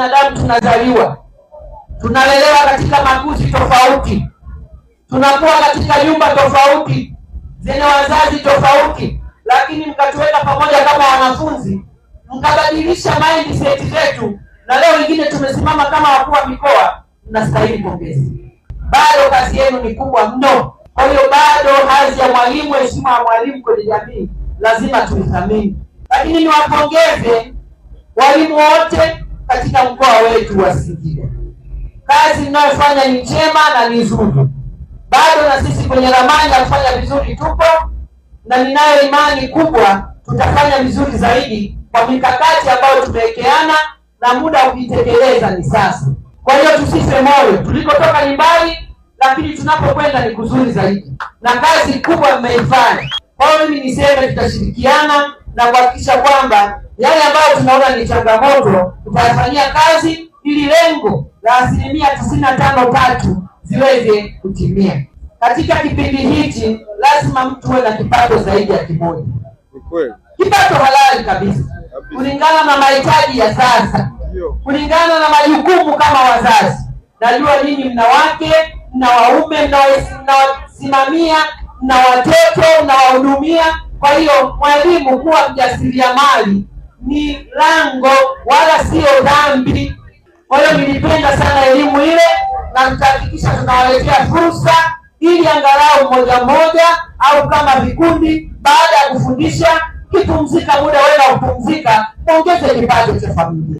binadamu tunazaliwa, tunalelewa katika maguzi tofauti, tunakuwa katika nyumba tofauti zenye wazazi tofauti, lakini mkatuweka pamoja kama wanafunzi, mkabadilisha mindset zetu, na leo wengine tumesimama kama wakuu wa mikoa. Mnastahili pongezi, bado kazi yenu ni kubwa mno. Kwa hiyo bado hadhi ya mwalimu, heshima ya mwalimu kwenye jamii lazima tuithamini, lakini niwapongeze walimu wote katika mkoa wetu wa Singida. Kazi ninayofanya ni njema na ni nzuri, bado na sisi kwenye ramani ya kufanya vizuri tupo, na ninayo imani kubwa tutafanya vizuri zaidi kwa mikakati ambayo tumewekeana na muda wa kuitekeleza ni sasa. Kwa hiyo tusife moyo, tulikotoka ni mbali, lakini tunapokwenda ni kuzuri zaidi, na kazi kubwa mmeifanya. Kwa hiyo mimi niseme tutashirikiana na kuhakikisha kwamba yale ambayo tunaona ni changamoto tutayafanyia kazi ili lengo la asilimia tisini na tano tatu ziweze kutimia. Katika kipindi hichi lazima mtu uwe na kipato zaidi ya kimoja, kipato halali kabisa kulingana na mahitaji ya sasa, kulingana na majukumu kama wazazi. Najua nyinyi mna wake, mna waume, mnawasimamia, mna watoto, mnawahudumia. Kwa hiyo, mwalimu, kuwa mjasiriamali ni lango wala sio dhambi. Kwa hiyo nilipenda sana elimu ile, na nitahakikisha tunawaletea fursa ili angalau moja moja au kama vikundi, baada ya kufundisha, kipumzika muda wenu upumzika, ongeze kipato cha familia.